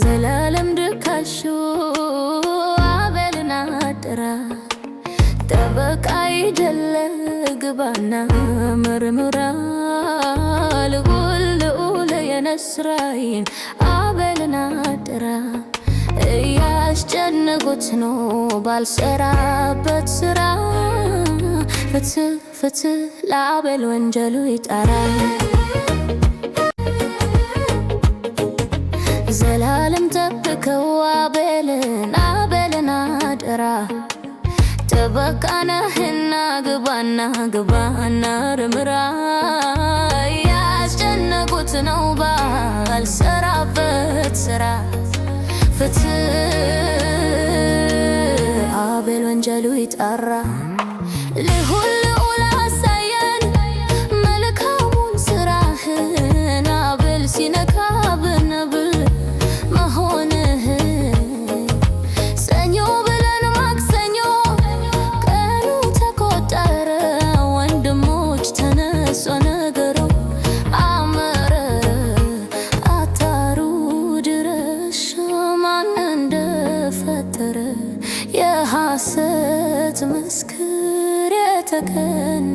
ዘላለም ድካሹ አበልና ጥራ ጠበቃ ይደለ ግባና ምርምራ ልዑል ልዑል የነስራይን አበልና ጥራ እያስጨነቁት ነው ባልሰራበት ስራ ፍትህ ፍትህ ለአቤል ወንጀሉ ይጠራል ዘላለም ጠብቀው አቤልን አቤልን አደራ ጥበቃነህና ግባና ግባና ርምራ ያስጨነቁት ነው ባልሰራበት ስራ ፍትህ አቤል ወንጀሉ ይጣራ ለሁሉ ላሳየን መልካሙን ስራህን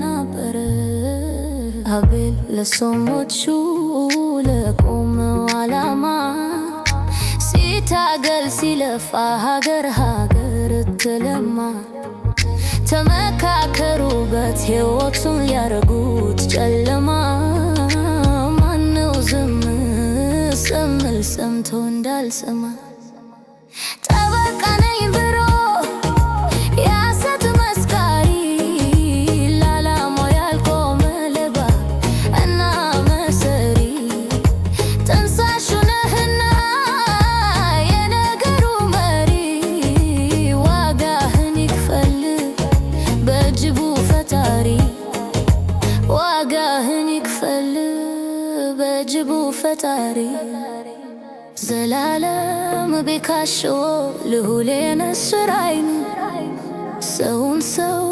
ነበረ አቤል ለሰሞቹ ለቆመው ዓላማ ሲታገል ሲለፋ ሀገር ሀገር ትለማ። ተመካከሩበት ሕይወቱን ያረጉት ጨለማ። ማነው ዝም ስምል ሰምቶ እንዳልሰማ ፈጣሪ ዘላለም ቤካሾ ልሁሌ ነስራይ ሰውን ሰው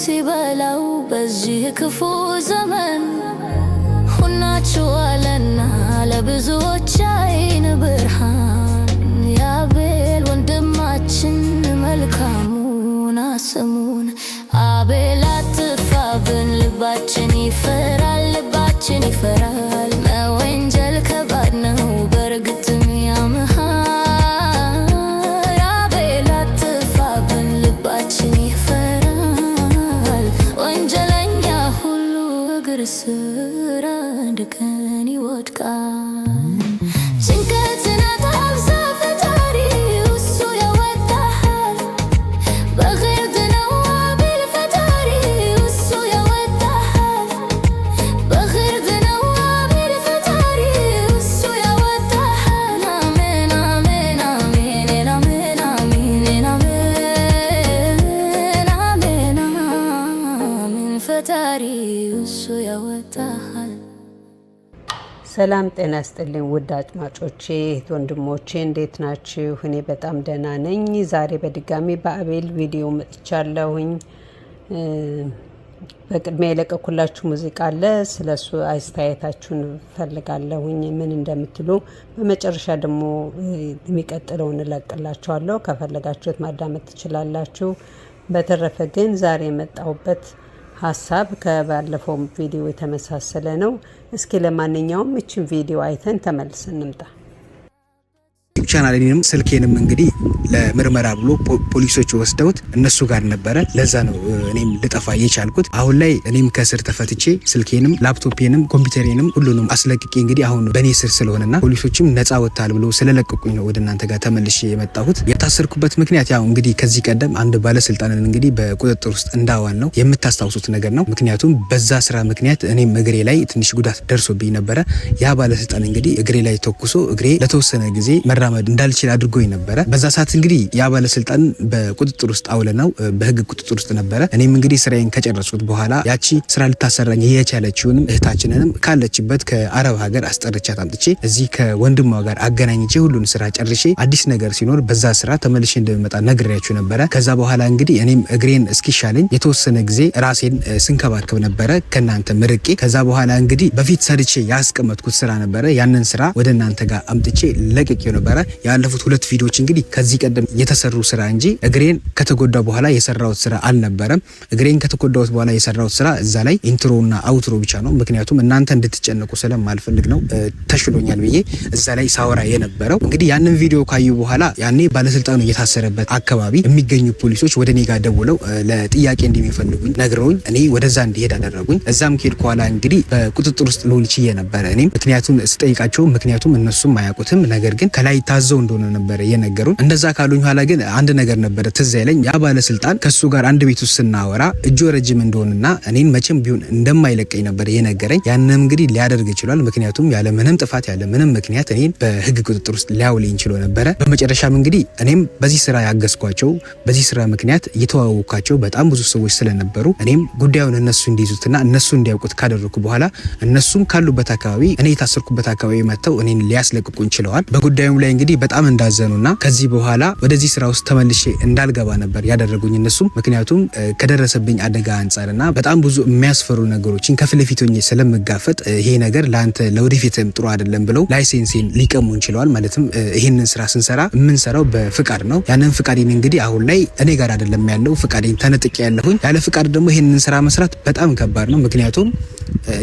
ሲበላው በዚህ ክፉ ዘመን ሁናችኋለና ለብዙዎች አይን ብርሃን የአቤል ወንድማችን መልካሙን ስሙን አቤል አትጥፋብን ልባችን ይፈራል ልባችን ይፈራል ፍርስር አንድ ቀን ይወድቃል። ሰላም ጤና ያስጥልኝ ውድ አድማጮቼ ወንድሞቼ እንዴት ናችሁ? እኔ በጣም ደህና ነኝ። ዛሬ በድጋሚ በአቤል ቪዲዮ መጥቻለሁኝ። በቅድሚያ የለቀኩላችሁ ሙዚቃ አለ። ስለ እሱ አስተያየታችሁን ፈልጋለሁኝ ምን እንደምትሉ። በመጨረሻ ደግሞ የሚቀጥለውን እለቅላችኋለሁ። ከፈለጋችሁት ማዳመጥ ትችላላችሁ። በተረፈ ግን ዛሬ የመጣሁበት ሀሳብ ከባለፈው ቪዲዮ የተመሳሰለ ነው። እስኪ ለማንኛውም እችን ቪዲዮ አይተን ተመልሰን እንምጣ። ቻናሌንም ስልኬንም እንግዲህ ለምርመራ ብሎ ፖሊሶች ወስደውት እነሱ ጋር ነበረ። ለዛ ነው እኔም ልጠፋ የቻልኩት። አሁን ላይ እኔም ከስር ተፈትቼ ስልኬንም ላፕቶፔንም ኮምፒውተሬንም ሁሉንም አስለቅቄ እንግዲህ አሁን በእኔ ስር ስለሆነና ፖሊሶችም ነጻ ወጥታል ብሎ ስለለቀቁኝ ነው ወደ እናንተ ጋር ተመልሼ የመጣሁት። የታሰርኩበት ምክንያት ያው እንግዲህ ከዚህ ቀደም አንድ ባለስልጣንን እንግዲህ በቁጥጥር ውስጥ እንዳዋል ነው የምታስታውሱት ነገር ነው። ምክንያቱም በዛ ስራ ምክንያት እኔም እግሬ ላይ ትንሽ ጉዳት ደርሶብኝ ነበረ። ያ ባለስልጣን እንግዲህ እግሬ ላይ ተኩሶ እግሬ ለተወሰነ ጊዜ መራመድ እንዳልችል አድርጎኝ ነበረ። በዛ ሰዓት እንግዲህ ያ ባለስልጣን በቁጥጥር ውስጥ ነው በህግ ቁጥጥር ውስጥ ነበረ። እኔም እንግዲህ ስራዬን ከጨረስኩት በኋላ ያቺ ስራ ልታሰራኝ የቻለችውንም እህታችንንም ካለችበት ከአረብ ሀገር አስጠርቻት አምጥቼ እዚህ ከወንድሟ ጋር አገናኝቼ ሁሉን ስራ ጨርሼ አዲስ ነገር ሲኖር በዛ ስራ ተመልሼ እንደመጣ ነግሬያችሁ ነበረ። ከዛ በኋላ እንግዲህ እኔም እግሬን እስኪሻለኝ የተወሰነ ጊዜ ራሴን ስንከባከብ ነበረ ከእናንተ ምርቄ። ከዛ በኋላ እንግዲህ በፊት ሰርቼ ያስቀመጥኩት ስራ ነበረ። ያንን ስራ ወደ እናንተ ጋር አምጥቼ ለቅቄው ነበረ። ያለፉት ሁለት ቪዲዮዎች እንግዲህ ከዚህ ቀደም የተሰሩ ስራ እንጂ እግሬን ከተጎዳ በኋላ የሰራሁት ስራ አልነበረም። እግሬን ከተጎዳሁት በኋላ የሰራሁት ስራ እዛ ላይ ኢንትሮና አውትሮ ብቻ ነው። ምክንያቱም እናንተ እንድትጨነቁ ስለማልፈልግ ነው ተሽሎኛል ብዬ እዛ ላይ ሳወራ የነበረው። እንግዲህ ያንን ቪዲዮ ካዩ በኋላ ያኔ ባለስልጣኑ የታሰረበት አካባቢ የሚገኙ ፖሊሶች ወደ እኔ ጋር ደውለው ለጥያቄ እንደሚፈልጉኝ ነግረውኝ እኔ ወደዛ እንዲሄድ አደረጉኝ። እዛም ከሄድኩ በኋላ እንግዲህ በቁጥጥር ውስጥ ልውል ችዬ ነበረ። እኔም ምክንያቱም ስጠይቃቸው ምክንያቱም እነሱም አያውቁትም። ነገር ግን ከላይ ታዘው እንደሆነ ነበረ የነገሩን እንደዛ ካሉኝ ኋላ ግን አንድ ነገር ነበረ ትዝ ይለኝ። ያ ባለስልጣን ከሱ ጋር አንድ ቤት ውስጥ ስናወራ እጆ ረጅም እንደሆንና እኔን መቼም ቢሆን እንደማይለቀኝ ነበር የነገረኝ። ያንም እንግዲህ ሊያደርግ ይችሏል። ምክንያቱም ያለ ምንም ጥፋት ያለ ምንም ምክንያት እኔን በህግ ቁጥጥር ውስጥ ሊያውለኝ ችሎ ነበረ። በመጨረሻም እንግዲህ እኔም በዚህ ስራ ያገዝኳቸው በዚህ ስራ ምክንያት እየተዋወኳቸው በጣም ብዙ ሰዎች ስለነበሩ እኔም ጉዳዩን እነሱ እንዲይዙትና እነሱ እንዲያውቁት ካደረኩ በኋላ እነሱም ካሉበት አካባቢ እኔ የታሰርኩበት አካባቢ መጥተው እኔን ሊያስለቅቁኝ ችለዋል። በጉዳዩም ላይ እንግዲህ በጣም እንዳዘኑና ከዚህ በኋላ በኋላ ወደዚህ ስራ ውስጥ ተመልሼ እንዳልገባ ነበር ያደረጉኝ እነሱም። ምክንያቱም ከደረሰብኝ አደጋ አንጻር በጣም ብዙ የሚያስፈሩ ነገሮችን ከፊት ለፊት ስለምጋፈጥ ይሄ ነገር ለአንተ ለወደፊትም ጥሩ አይደለም ብለው ላይሴንሴን ሊቀሙ እንችለዋል። ማለትም ይህንን ስራ ስንሰራ የምንሰራው በፍቃድ ነው። ያንን ፍቃዴን እንግዲህ አሁን ላይ እኔ ጋር አይደለም ያለው፣ ፍቃዴን ተነጥቄ ያለሁኝ። ያለ ፍቃድ ደግሞ ይህንን ስራ መስራት በጣም ከባድ ነው። ምክንያቱም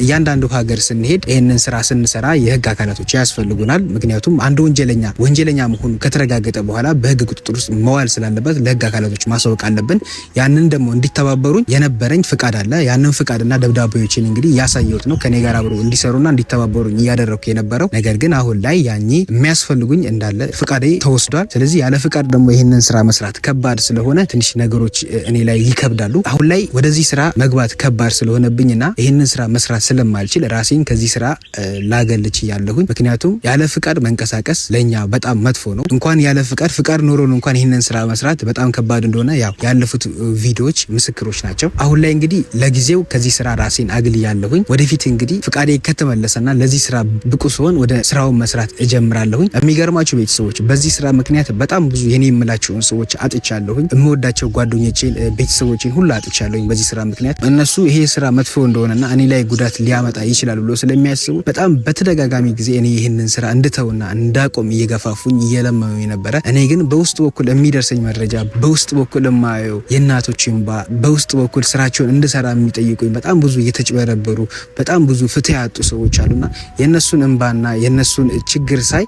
እያንዳንዱ ሀገር ስንሄድ ይህንን ስራ ስንሰራ የህግ አካላቶች ያስፈልጉናል። ምክንያቱም አንድ ወንጀለኛ ወንጀለኛ መሆኑ ከተረጋገጠ በኋላ በ በህግ ቁጥጥር ውስጥ መዋል ስላለበት ለህግ አካላቶች ማሳወቅ አለብን። ያንን ደግሞ እንዲተባበሩኝ የነበረኝ ፍቃድ አለ። ያንን ፍቃድና ደብዳቤዎችን እንግዲህ እያሳየሁት ነው ከኔ ጋር አብሮ እንዲሰሩና እንዲተባበሩኝ እያደረግኩ የነበረው ነገር ግን አሁን ላይ ያኚ የሚያስፈልጉኝ እንዳለ ፍቃዴ ተወስዷል። ስለዚህ ያለ ፍቃድ ደግሞ ይህንን ስራ መስራት ከባድ ስለሆነ ትንሽ ነገሮች እኔ ላይ ይከብዳሉ። አሁን ላይ ወደዚህ ስራ መግባት ከባድ ስለሆነብኝና ይህንን ስራ መስራት ስለማልችል ራሴን ከዚህ ስራ ላገልች ያለሁኝ። ምክንያቱም ያለ ፍቃድ መንቀሳቀስ ለእኛ በጣም መጥፎ ነው። እንኳን ያለ ፍቃድ ፍቃድ ኖሮ ነው እንኳን ይህንን ስራ መስራት በጣም ከባድ እንደሆነ ያው ያለፉት ቪዲዮዎች ምስክሮች ናቸው። አሁን ላይ እንግዲህ ለጊዜው ከዚህ ስራ ራሴን አግል ያለሁኝ ወደፊት እንግዲህ ፍቃዴ ከተመለሰና ለዚህ ስራ ብቁ ሲሆን ወደ ስራውን መስራት እጀምራለሁኝ። የሚገርማችሁ ቤተሰቦች በዚህ ስራ ምክንያት በጣም ብዙ የኔ የምላቸውን ሰዎች አጥቻለሁኝ። የምወዳቸው ጓደኞቼን፣ ቤተሰቦችን ሁሉ አጥቻለሁኝ በዚህ ስራ ምክንያት። እነሱ ይሄ ስራ መጥፎ እንደሆነና እኔ ላይ ጉዳት ሊያመጣ ይችላል ብሎ ስለሚያስቡ በጣም በተደጋጋሚ ጊዜ እኔ ይህንን ስራ እንድተውና እንዳቆም እየገፋፉኝ እየለመኑ ነበረ። እኔ ግን ግን በውስጥ በኩል የሚደርሰኝ መረጃ፣ በውስጥ በኩል የማየው የእናቶች እንባ፣ በውስጥ በኩል ስራቸውን እንድሰራ የሚጠይቁኝ በጣም ብዙ እየተጭበረበሩ በጣም ብዙ ፍትህ ያጡ ሰዎች አሉና የእነሱን እንባና የእነሱን ችግር ሳይ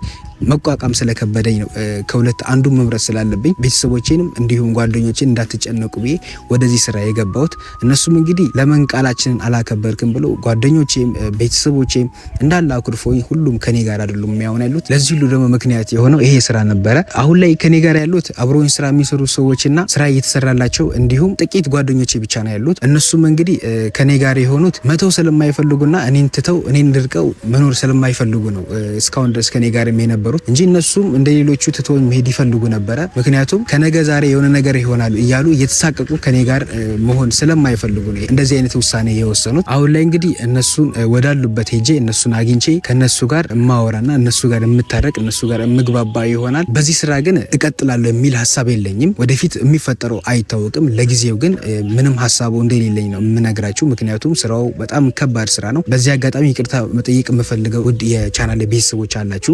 መቋቋም ስለከበደኝ ነው ከሁለት አንዱ መምረጥ ስላለብኝ ቤተሰቦቼንም እንዲሁም ጓደኞቼን እንዳትጨነቁ ብዬ ወደዚህ ስራ የገባሁት። እነሱም እንግዲህ ለምን ቃላችንን አላከበርክም ብሎ ጓደኞቼም ቤተሰቦቼም እንዳለ አኩርፎኝ ሁሉም ከኔ ጋር አይደሉም የሚያሆን ያሉት። ለዚህ ሁሉ ደግሞ ምክንያት የሆነው ይሄ ስራ ነበረ። አሁን ላይ ከኔ ጋር ያሉት አብሮኝ ስራ የሚሰሩ ሰዎችና ስራ እየተሰራላቸው እንዲሁም ጥቂት ጓደኞቼ ብቻ ነው ያሉት። እነሱም እንግዲህ ከኔ ጋር የሆኑት መተው ስለማይፈልጉና እኔን ትተው እኔን ድርቀው መኖር ስለማይፈልጉ ነው እስካሁን ድረስ ከኔ ጋር የነበሩ የነበሩት እንጂ እነሱም እንደ ሌሎቹ ትቶ መሄድ ይፈልጉ ነበረ። ምክንያቱም ከነገ ዛሬ የሆነ ነገር ይሆናሉ እያሉ እየተሳቀቁ ከኔ ጋር መሆን ስለማይፈልጉ ነው እንደዚህ አይነት ውሳኔ የወሰኑት። አሁን ላይ እንግዲህ እነሱን ወዳሉበት ሄጄ እነሱን አግኝቼ ከነሱ ጋር እማወራና እነሱ ጋር የምታረቅ እነሱ ጋር የምግባባ ይሆናል። በዚህ ስራ ግን እቀጥላለሁ የሚል ሀሳብ የለኝም። ወደፊት የሚፈጠረው አይታወቅም። ለጊዜው ግን ምንም ሀሳቡ እንደሌለኝ ነው የምነግራችሁ። ምክንያቱም ስራው በጣም ከባድ ስራ ነው። በዚህ አጋጣሚ ይቅርታ መጠየቅ የምፈልገው ውድ የቻናል ቤተሰቦች አላችሁ።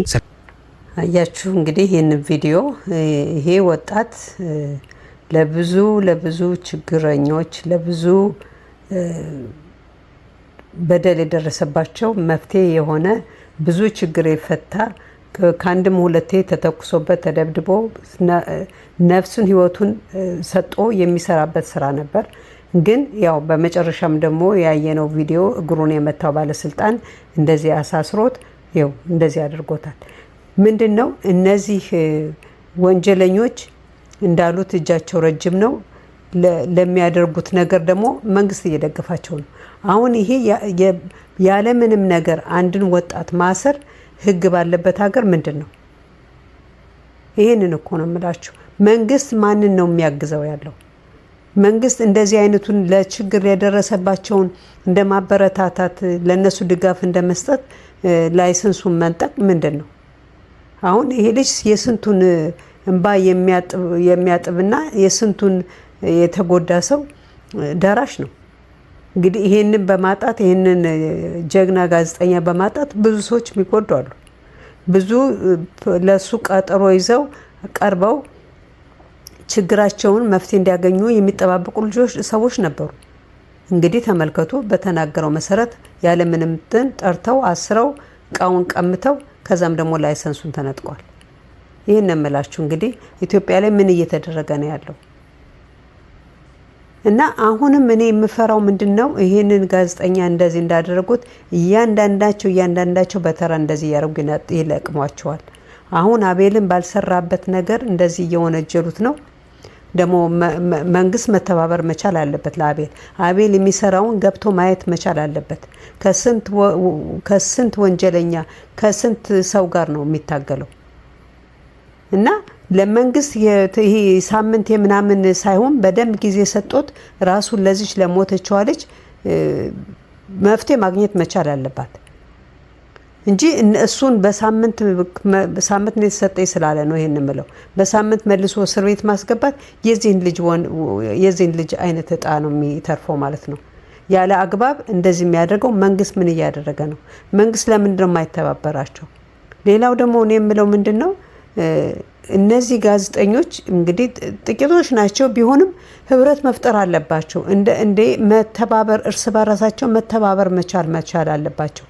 አያችሁ እንግዲህ ይህን ቪዲዮ ይሄ ወጣት ለብዙ ለብዙ ችግረኞች ለብዙ በደል የደረሰባቸው መፍትሄ የሆነ ብዙ ችግር የፈታ ከአንድም ሁለቴ ተተኩሶበት ተደብድቦ ነፍሱን ህይወቱን ሰጦ የሚሰራበት ስራ ነበር። ግን ያው በመጨረሻም ደግሞ ያየነው ቪዲዮ እግሩን የመታው ባለስልጣን እንደዚህ አሳስሮት ይኸው እንደዚህ አድርጎታል። ምንድን ነው እነዚህ ወንጀለኞች እንዳሉት እጃቸው ረጅም ነው። ለሚያደርጉት ነገር ደግሞ መንግስት እየደገፋቸው ነው። አሁን ይሄ ያለምንም ነገር አንድን ወጣት ማሰር ህግ ባለበት ሀገር ምንድን ነው? ይህንን እኮ ነው የምላችሁ። መንግስት ማንን ነው የሚያግዘው ያለው? መንግስት እንደዚህ አይነቱን ለችግር የደረሰባቸውን እንደ ማበረታታት፣ ለእነሱ ድጋፍ እንደመስጠት ላይሰንሱን መንጠቅ ምንድን ነው? አሁን ይሄ ልጅ የስንቱን እንባ የሚያጥብና የስንቱን የተጎዳ ሰው ደራሽ ነው። እንግዲህ ይሄንን በማጣት ይሄንን ጀግና ጋዜጠኛ በማጣት ብዙ ሰዎች የሚጎዱ አሉ። ብዙ ለሱ ቀጠሮ ይዘው ቀርበው ችግራቸውን መፍትሄ እንዲያገኙ የሚጠባበቁ ልጆች ሰዎች ነበሩ። እንግዲህ ተመልከቱ፣ በተናገረው መሰረት ያለምንም እንትን ጠርተው አስረው እቃውን ቀምተው ከዛም ደግሞ ላይሰንሱን ተነጥቋል። ይህን የምላችሁ እንግዲህ ኢትዮጵያ ላይ ምን እየተደረገ ነው ያለው እና አሁንም እኔ የምፈራው ምንድን ነው ይህንን ጋዜጠኛ እንደዚህ እንዳደረጉት እያንዳንዳቸው እያንዳንዳቸው በተራ እንደዚህ እያደረጉ ይለቅሟቸዋል። አሁን አቤልን ባልሰራበት ነገር እንደዚህ እየወነጀሉት ነው። ደግሞ መንግስት መተባበር መቻል አለበት። ለአቤል አቤል የሚሰራውን ገብቶ ማየት መቻል አለበት። ከስንት ወንጀለኛ ከስንት ሰው ጋር ነው የሚታገለው እና ለመንግስት ይሄ ሳምንት የምናምን ሳይሆን በደንብ ጊዜ ሰጦት ራሱን ለዚች ለሞተችዋ ልጅ መፍትሄ ማግኘት መቻል አለባት። እንጂ እሱን በሳምንት ሳምንት የተሰጠኝ ስላለ ነው ይሄን የምለው። በሳምንት መልሶ እስር ቤት ማስገባት የዚህን ልጅ አይነት እጣ ነው የሚተርፈው ማለት ነው። ያለ አግባብ እንደዚህ የሚያደርገው መንግስት ምን እያደረገ ነው? መንግስት ለምንድን ነው የማይተባበራቸው? ሌላው ደግሞ እኔ የምለው ምንድን ነው እነዚህ ጋዜጠኞች እንግዲህ ጥቂቶች ናቸው፣ ቢሆንም ህብረት መፍጠር አለባቸው። እንደ መተባበር እርስ በራሳቸው መተባበር መቻል መቻል አለባቸው።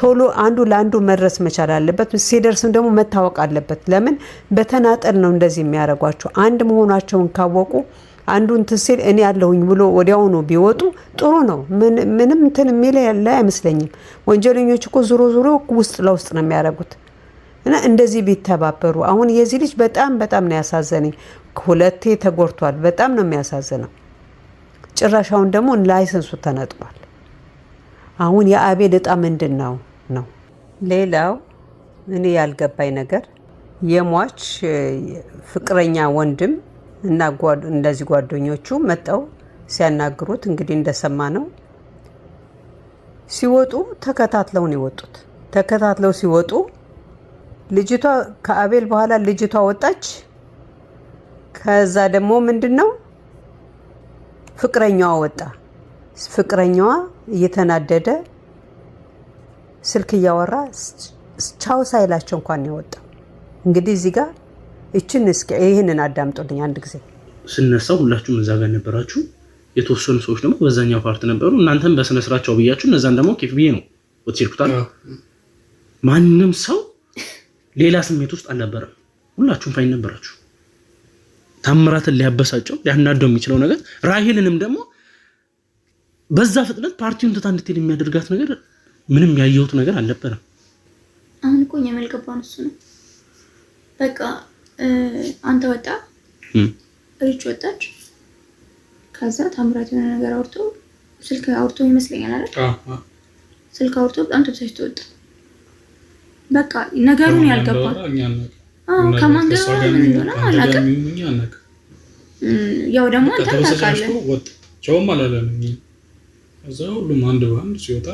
ቶሎ አንዱ ለአንዱ መድረስ መቻል አለበት። ሲደርስም ደግሞ መታወቅ አለበት። ለምን በተናጠል ነው እንደዚህ የሚያደርጓቸው? አንድ መሆናቸውን ካወቁ አንዱ እንትን ሲል እኔ ያለሁኝ ብሎ ወዲያውኑ ቢወጡ ጥሩ ነው። ምንም እንትን የሚል ያለ አይመስለኝም። ወንጀለኞች እኮ ዙሮ ዙሮ ውስጥ ለውስጥ ነው የሚያደርጉት እና እንደዚህ ቢተባበሩ። አሁን የዚህ ልጅ በጣም በጣም ነው ያሳዘነኝ። ሁለቴ ተጎድቷል። በጣም ነው የሚያሳዝነው። ጭራሽ አሁን ደግሞ ላይሰንሱ ተነጥቋል። አሁን የአቤል እጣ ምንድን ነው? ነው። ሌላው እኔ ያልገባኝ ነገር የሟች ፍቅረኛ ወንድም እና እንደዚህ ጓደኞቹ መጠው ሲያናግሩት እንግዲህ እንደሰማ ነው ሲወጡ ተከታትለው ነው የወጡት። ተከታትለው ሲወጡ ልጅቷ ከአቤል በኋላ ልጅቷ ወጣች። ከዛ ደግሞ ምንድን ነው ፍቅረኛዋ ወጣ። ፍቅረኛዋ እየተናደደ ስልክ እያወራ ቻው ሳይላቸው እንኳን የወጣው። እንግዲህ እዚህ ጋር ይችን ይህንን አዳምጦልኝ አንድ ጊዜ ስነሳ ሁላችሁም እዛ ጋር ነበራችሁ። የተወሰኑ ሰዎች ደግሞ በዛኛው ፓርት ነበሩ። እናንተም በስነስራቸው ብያችሁ እነዛን ደግሞ ኬፍ ብዬ ነው ወትሲርኩታል። ማንም ሰው ሌላ ስሜት ውስጥ አልነበረም። ሁላችሁም ፋይን ነበራችሁ። ታምራትን ሊያበሳጨው ሊያናደው የሚችለው ነገር ራሄልንም ደግሞ በዛ ፍጥነት ፓርቲውን ትታ እንድትሄድ የሚያደርጋት ነገር ምንም ያየሁት ነገር አልነበረም። አሁን እኮ እኛ መልገባን እሱ ነው በቃ አንተ ወጣ ሪች ወጣች። ከዛ ታምራት የሆነ ነገር አውርቶ ስልክ አውርቶ ይመስለኛል አይደል? ስልክ አውርቶ በጣም ተብሳሽ ተወጣ። በቃ ነገሩን ያልገባል ከማን ጋር ምን እንደሆነ አላውቅም። ያው ደግሞ አንተ ታውቃለህ። ወጣ ቸውም አላለንም። ከዛ ሁሉም አንድ በአንድ ሲወጣ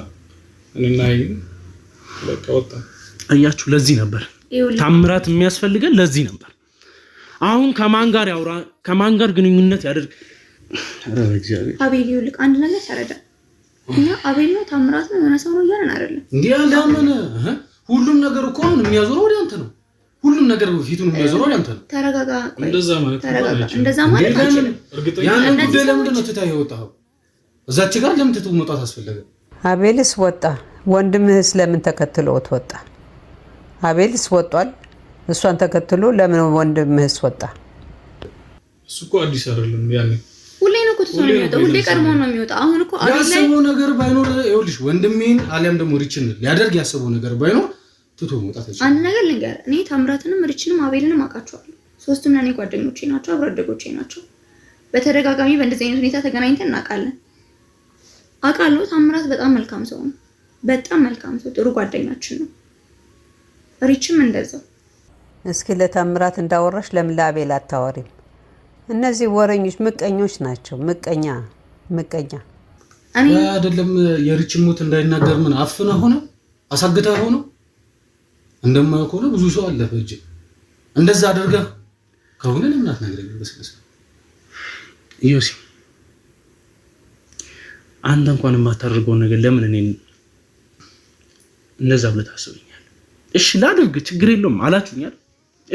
እያችሁ ለዚህ ነበር ታምራት የሚያስፈልገን ለዚህ ነበር። አሁን ከማን ጋር ያውራ ከማን ጋር ግንኙነት ያደርግ? አቤል ይኸውልህ አንድ ነገር ተረዳ። እኛ አቤል ነው ታምራት ነው የሆነ ሰው ነው እያለን አይደለም። እንዲህ ሁሉም ነገር እኮ አሁን የሚያዞረው ወደ አንተ ነው። ሁሉም ነገር ፊቱን የሚያዞረው ወደ አንተ ነው። ተረጋጋ። እንደዛ ማለት እንደዛ ማለት ያንን ጉዳይ ለምንድን ነው ትታ የወጣኸው? እዛች ጋር ለምን መውጣት አስፈለገ? አቤልስ ወጣ፣ ወንድምህስ ለምን ተከትሎት ወጣ? አቤልስ ወጧል፣ እሷን ተከትሎ ለምን ወንድምህስ ወጣ? እሱ እኮ አዲስ አይደለም። ያኔ ሁሌ ነው እኮ ትቶ ነው የሚወጣው። ሁሌ ቀድሞ ነው የሚወጣ። አሁን እኮ ያሰበው ነገር ባይኖር ይኸውልሽ፣ ወንድሜን አሊያም ደግሞ ሪችን ሊያደርግ ያሰበው ነገር ባይኖር ትቶ መውጣት አይችልም። አንድ ነገር ልንገርህ፣ እኔ ታምራትንም ሪችንም አቤልንም አውቃቸዋለሁ። ሶስቱም ለእኔ ጓደኞቼ ናቸው፣ አብሮ አደጎቼ ናቸው። በተደጋጋሚ በእንደዚህ አይነት ሁኔታ ተገናኝተን እናውቃለን። አውቃለሁ። ታምራት በጣም መልካም ሰው ነው። በጣም መልካም ሰው፣ ጥሩ ጓደኛችን ነው። ሪችም እንደዛው። እስኪ ለታምራት እንዳወራሽ ለምን ለአቤል አታወሪም? እነዚህ ወረኞች ምቀኞች ናቸው። ምቀኛ ምቀኛ አይደለም። የሪች ሞት እንዳይናገር ምን አፍና ሆነ አሳግታ ሆነ እንደማያውቅ ሆነ ብዙ ሰው አለ በእጅ እንደዛ አድርገህ ከሆነ ለምን አትነግረኝ? በስነስ አንተ እንኳን የማታደርገውን ነገር ለምን እኔ እንደዛ ብለህ ታስበኛል? እሺ ላድርግ፣ ችግር የለውም አላችሁኛል።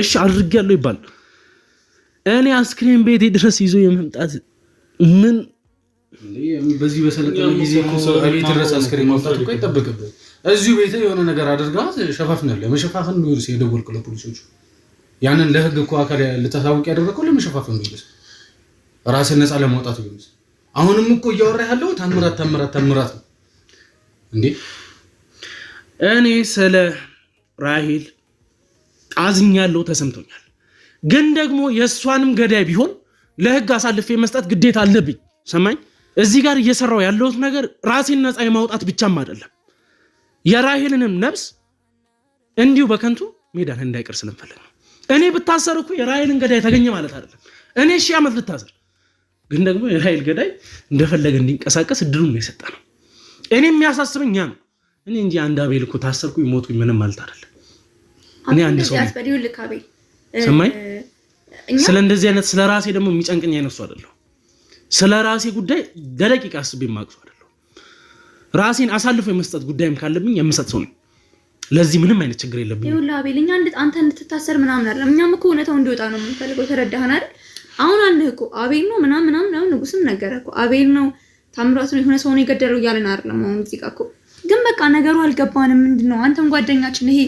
እሺ አድርግ ያለው ይባል። እኔ አስክሬን ቤቴ ድረስ ይዞ የመምጣት ምን በዚህ በሰለጠነ ጊዜ ቤት ድረስ አስክሬን ማፍታት እኮ አይጠበቅብህ። እዚሁ ቤት የሆነ ነገር አድርጋት ሸፋፍናለህ። መሸፋፈን ቢሆንስ የደወልኩት ለፖሊሶቹ ያንን ለህግ እኮ አካል ልታሳውቅ ያደረገው ለመሸፋፈን ቢሆንስ ራስን ነፃ ለማውጣት ቢሆንስ አሁንም እኮ እያወራ ያለው ታምራት ታምራት ታምራት ነው እንዴ። እኔ ስለ ራሄል አዝኛለሁ፣ ተሰምቶኛል። ግን ደግሞ የእሷንም ገዳይ ቢሆን ለህግ አሳልፌ መስጠት ግዴታ አለብኝ። ሰማኝ። እዚህ ጋር እየሰራው ያለሁት ነገር ራሴን ነፃ የማውጣት ብቻም አይደለም የራሄልንም ነፍስ እንዲሁ በከንቱ ሜዳ እንዳይቀር ስለምፈልግ ነው። እኔ ብታሰር እኮ የራሄልን ገዳይ ተገኘ ማለት አይደለም። እኔ ሺህ ዓመት ልታሰር ግን ደግሞ የኃይል ገዳይ እንደፈለገ እንዲንቀሳቀስ እድሉን ነው የሰጠ ነው። እኔ የሚያሳስበኝ ያ ነው። እኔ እንጂ አንድ አቤል እኮ ታሰርኩ ሞትኩኝ ምንም ማለት አይደለም። እኔ አንድ ሰው ሰማኝ። ስለ እንደዚህ አይነት ስለ ራሴ ደግሞ የሚጨንቅኝ አይነሱ አይደለሁ። ስለ ራሴ ጉዳይ ለደቂቃ አስቤ የማቅሱ አይደለሁ። ራሴን አሳልፎ የመስጠት ጉዳይም ካለብኝ የምሰጥ ሰው ነው። ለዚህ ምንም አይነት ችግር የለብኝ። ይኸውልህ አቤል፣ እኛ አንተ እንድትታሰር ምናምን አይደለም። እኛም እኮ እውነታው እንዲወጣ ነው የምንፈልገው። ተረዳህን አይደል? አሁን አለህ እኮ አቤል ነው ምናምን ምናምን ነው ንጉስም ነገረ እኮ አቤል ነው ታምራቱን የሆነ ሰው ነው የገደለው እያለን አይደለም። አሁን ሙዚቃ እኮ ግን በቃ ነገሩ አልገባንም። ምንድን ነው አንተን ጓደኛችን ይሄ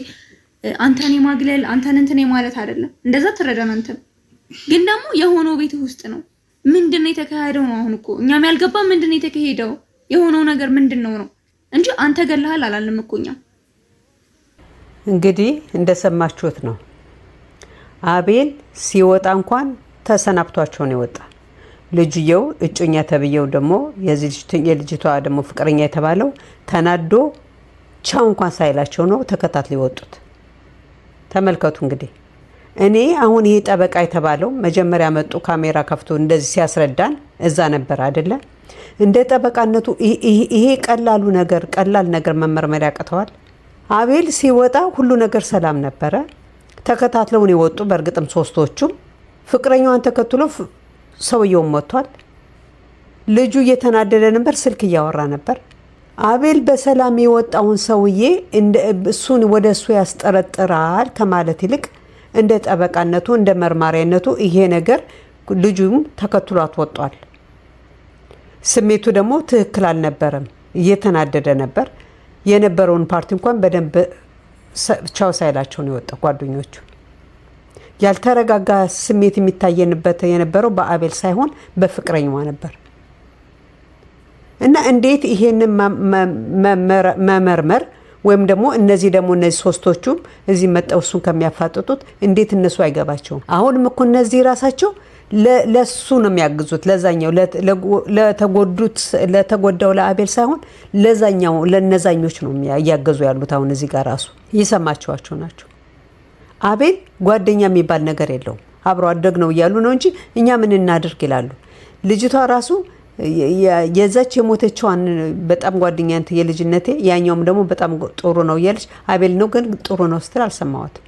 አንተን የማግለል አንተን እንትን የማለት አይደለም። እንደዛ ትረዳን አንተም። ግን ደግሞ የሆነው ቤት ውስጥ ነው ምንድን ነው የተካሄደው ነው አሁን እኮ እኛም ያልገባ ምንድን ነው የተካሄደው የሆነው ነገር ምንድን ነው ነው እንጂ አንተ ገለሃል አላለም እኮ እኛ እንግዲህ እንደሰማችሁት ነው አቤል ሲወጣ እንኳን ተሰናብቷቸው ነው የወጣ። ልጅየው እጮኛ ተብየው ደግሞ የልጅቷ ደግሞ ፍቅረኛ የተባለው ተናዶ ቻው እንኳን ሳይላቸው ነው ተከታትለው የወጡት። ተመልከቱ እንግዲህ እኔ አሁን ይሄ ጠበቃ የተባለው መጀመሪያ መጡ ካሜራ ከፍቶ እንደዚህ ሲያስረዳን እዛ ነበር አይደለ? እንደ ጠበቃነቱ ይሄ ቀላሉ ነገር ቀላል ነገር መመርመር ያቅተዋል። አቤል ሲወጣ ሁሉ ነገር ሰላም ነበረ። ተከታትለውን የወጡ በእርግጥም ሶስቶቹም ፍቅረኛዋን ተከትሎ ሰውየውን መጥቷል። ልጁ እየተናደደ ነበር፣ ስልክ እያወራ ነበር። አቤል በሰላም የወጣውን ሰውዬ እሱን ወደ እሱ ያስጠረጥራል ከማለት ይልቅ እንደ ጠበቃነቱ እንደ መርማሪያነቱ ይሄ ነገር ልጁም ተከትሏት ወጧል። ስሜቱ ደግሞ ትክክል አልነበረም፣ እየተናደደ ነበር። የነበረውን ፓርቲ እንኳን በደንብ ቻው ሳይላቸውን የወጣ ጓደኞቹ ያልተረጋጋ ስሜት የሚታየንበት የነበረው በአቤል ሳይሆን በፍቅረኛዋ ነበር እና እንዴት ይሄንን መመርመር ወይም ደግሞ እነዚህ ደግሞ እነዚህ ሶስቶቹም እዚህ መጠው እሱን ከሚያፋጥጡት እንዴት እነሱ አይገባቸውም? አሁንም እኮ እነዚህ ራሳቸው ለሱ ነው የሚያግዙት፣ ለዛኛው ለተጎዱት ለተጎዳው ለአቤል ሳይሆን ለዛኛው ለነዛኞች ነው እያገዙ ያሉት። አሁን እዚህ ጋር ራሱ እየሰማችኋቸው ናቸው። አቤል ጓደኛ የሚባል ነገር የለውም። አብሮ አደግ ነው እያሉ ነው እንጂ እኛ ምን እናድርግ ይላሉ። ልጅቷ ራሱ የዛች የሞተችዋን በጣም ጓደኛ የልጅነቴ ያኛውም ደግሞ በጣም ጥሩ ነው እያለች አቤል ነው ግን ጥሩ ነው ስትል አልሰማዋትም።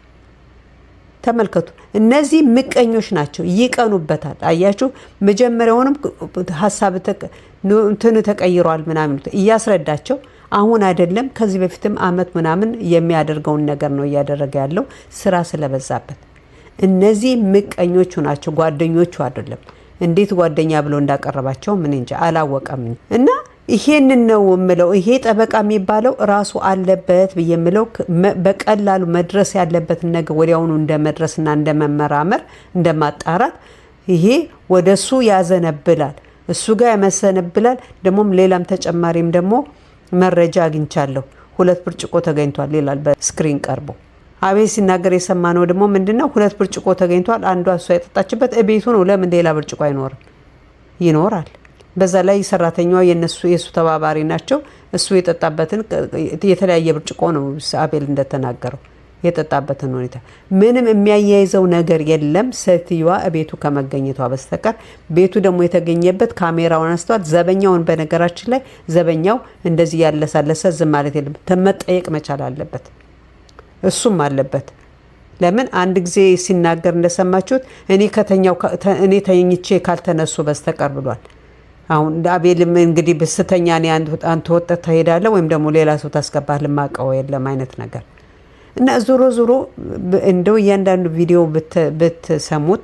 ተመልከቱ፣ እነዚህ ምቀኞች ናቸው፣ ይቀኑበታል። አያችሁ፣ መጀመሪያውንም ሀሳብ እንትን ተቀይሯል ምናምን እያስረዳቸው አሁን አይደለም ከዚህ በፊትም አመት ምናምን የሚያደርገውን ነገር ነው እያደረገ ያለው ስራ ስለበዛበት። እነዚህ ምቀኞቹ ናቸው፣ ጓደኞቹ አይደለም። እንዴት ጓደኛ ብሎ እንዳቀረባቸው ምን እንጂ አላወቀም። እና ይሄንን ነው የምለው። ይሄ ጠበቃ የሚባለው ራሱ አለበት ብዬ የምለው በቀላሉ መድረስ ያለበትን ነገር ወዲያውኑ እንደመድረስና እንደመመራመር እንደማጣራት ይሄ ወደሱ ያዘነብላል እሱ ጋር ያመሰነብላል። ደግሞም ሌላም ተጨማሪም ደግሞ መረጃ አግኝቻለሁ፣ ሁለት ብርጭቆ ተገኝቷል ይላል በስክሪን ቀርቦ። አቤት ሲናገር የሰማነው ደግሞ ምንድነው? ሁለት ብርጭቆ ተገኝቷል፣ አንዷ እሷ የጠጣችበት እቤቱ ነው። ለምን ሌላ ብርጭቆ አይኖርም? ይኖራል። በዛ ላይ ሰራተኛዋ የነሱ የእሱ ተባባሪ ናቸው። እሱ የጠጣበትን የተለያየ ብርጭቆ ነው አቤል እንደተናገረው የጠጣበትን ሁኔታ ምንም የሚያያይዘው ነገር የለም። ሴትዮዋ ቤቱ ከመገኘቷ በስተቀር ቤቱ ደግሞ የተገኘበት ካሜራውን አንስተዋል። ዘበኛውን በነገራችን ላይ ዘበኛው እንደዚህ ያለሳለሰ ዝም ማለት የለም ተመጠየቅ መቻል አለበት። እሱም አለበት። ለምን አንድ ጊዜ ሲናገር እንደሰማችሁት እኔ ከተኛው እኔ ተኝቼ ካልተነሱ በስተቀር ብሏል። አሁን አቤልም እንግዲህ ብስተኛ አንተ ወጠት ትሄዳለህ ወይም ደግሞ ሌላ ሰው ታስገባህ ልማቀው የለም አይነት ነገር እና ዞሮ ዞሮ እንደው እያንዳንዱ ቪዲዮ ብትሰሙት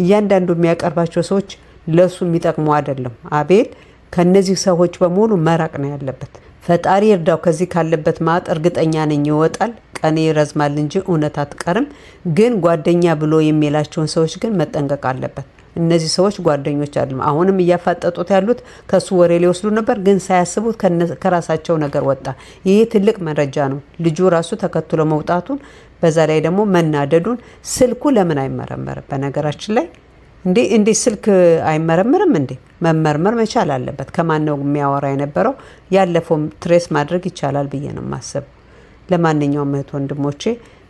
እያንዳንዱ የሚያቀርባቸው ሰዎች ለእሱ የሚጠቅሙ አይደለም። አቤል ከነዚህ ሰዎች በሙሉ መራቅ ነው ያለበት። ፈጣሪ እርዳው። ከዚህ ካለበት ማጥ እርግጠኛ ነኝ ይወጣል። ቀኔ ይረዝማል እንጂ እውነት አትቀርም። ግን ጓደኛ ብሎ የሚላቸውን ሰዎች ግን መጠንቀቅ አለበት። እነዚህ ሰዎች ጓደኞች አይደሉም። አሁንም እያፋጠጡት ያሉት ከሱ ወሬ ሊወስዱ ነበር፣ ግን ሳያስቡት ከራሳቸው ነገር ወጣ። ይሄ ትልቅ መረጃ ነው። ልጁ ራሱ ተከትሎ መውጣቱን፣ በዛ ላይ ደግሞ መናደዱን። ስልኩ ለምን አይመረመርም? በነገራችን ላይ እንዴ እንዴ ስልክ አይመረምርም እንዴ? መመርመር መቻል አለበት። ከማን ነው የሚያወራ የነበረው? ያለፈውም ትሬስ ማድረግ ይቻላል ብዬ ነው ማሰብ። ለማንኛውም እህት ወንድሞቼ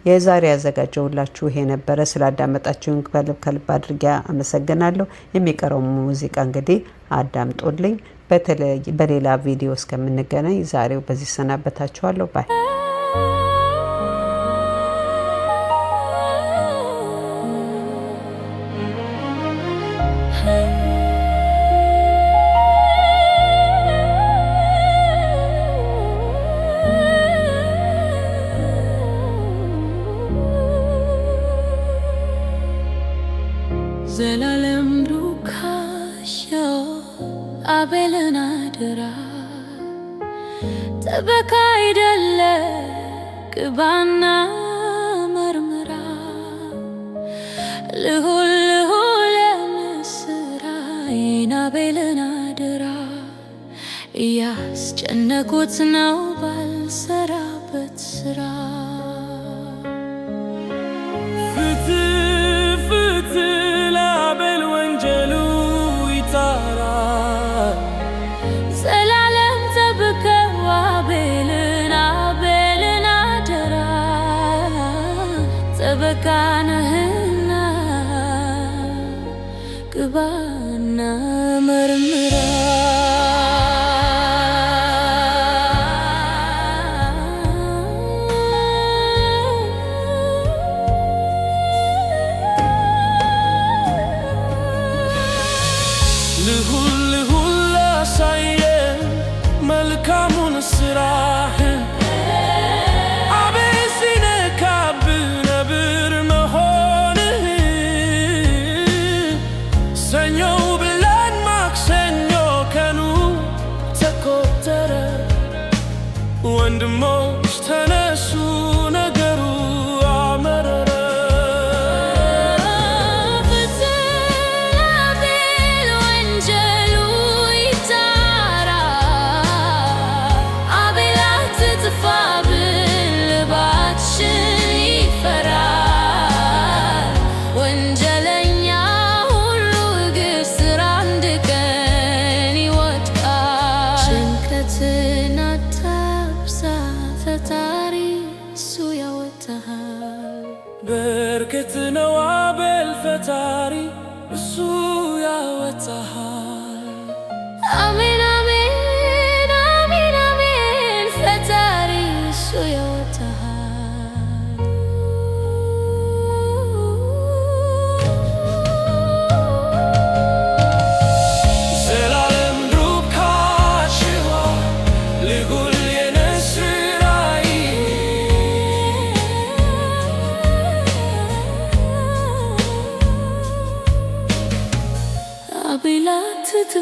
የዛሬ ያዘጋጀውላችሁ ይሄ ነበረ። ስላዳመጣችሁን ከልብ ከልብ አድርጌ አመሰግናለሁ። የሚቀረው ሙዚቃ እንግዲህ አዳምጦልኝ በተለይ በሌላ ቪዲዮ እስከምንገናኝ ዛሬው በዚህ ሰናበታችኋለሁ ባይ goodbye.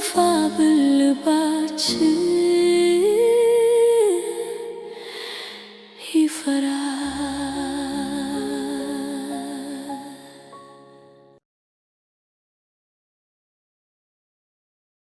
the believe.